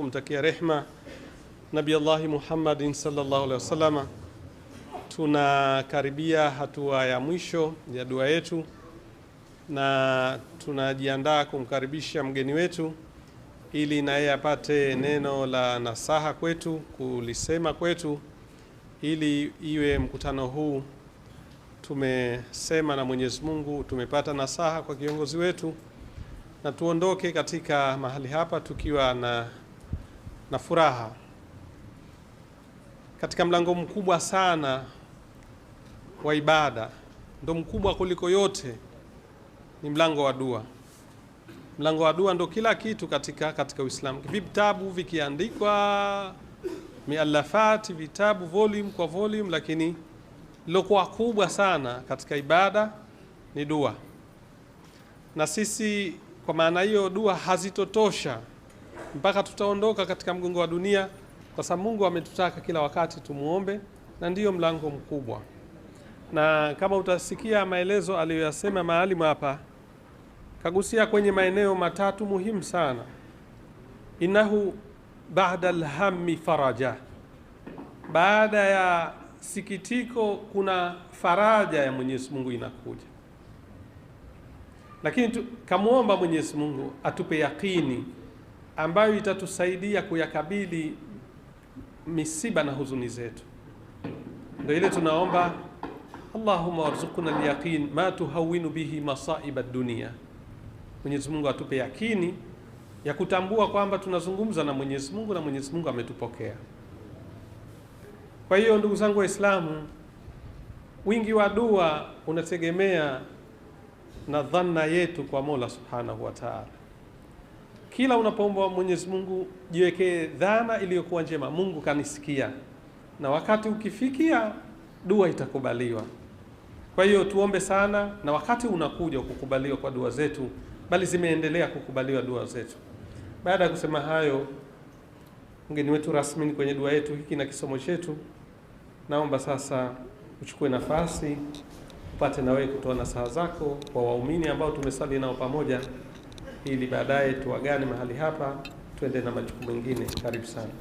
kumtakia rehma Nabi Allahi Muhammadin sallallahu alaihi wasallam. Tunakaribia hatua ya mwisho ya dua yetu na tunajiandaa kumkaribisha mgeni wetu ili na yeye apate neno la nasaha kwetu kulisema kwetu ili iwe mkutano huu tumesema na Mwenyezi Mungu, tumepata nasaha kwa kiongozi wetu na tuondoke katika mahali hapa tukiwa na na furaha katika mlango mkubwa sana wa ibada, ndo mkubwa kuliko yote, ni mlango wa dua. Mlango wa dua ndo kila kitu katika katika Uislamu. Vitabu vikiandikwa mialafati, vitabu volume kwa volume, lakini lilokuwa kubwa sana katika ibada ni dua, na sisi kwa maana hiyo dua hazitotosha mpaka tutaondoka katika mgongo wa dunia, kwa sababu Mungu ametutaka kila wakati tumuombe, na ndiyo mlango mkubwa. Na kama utasikia maelezo aliyoyasema maalimu hapa, kagusia kwenye maeneo matatu muhimu sana. Innahu baada alhammi faraja, baada ya sikitiko kuna faraja ya Mwenyezi Mungu inakuja. Lakini kamwomba Mwenyezi Mungu atupe yakini ambayo itatusaidia kuyakabili misiba na huzuni zetu. Ndio ile tunaomba Allahumma warzuqna alyaqin ma tuhawinu bihi masaiba dunia. Mwenyezi Mungu atupe yakini ya kutambua kwamba tunazungumza na Mwenyezi Mungu na Mwenyezi Mungu ametupokea. Kwa hiyo ndugu zangu Waislamu, wingi wa dua unategemea na dhanna yetu kwa Mola Subhanahu wa Ta'ala. Kila unapoomba Mwenyezi Mungu jiwekee dhana iliyokuwa njema, Mungu kanisikia, na wakati ukifikia dua itakubaliwa. Kwa hiyo tuombe sana, na wakati unakuja kukubaliwa kwa dua zetu, bali zimeendelea kukubaliwa dua zetu. Baada ya kusema hayo, mgeni wetu rasmi kwenye dua yetu hiki na kisomo chetu, naomba sasa uchukue nafasi upate na wewe kutoa nasaha zako kwa waumini ambao tumesali nao pamoja ili baadaye tuwagane mahali hapa tuende na majukumu mengine. Karibu sana.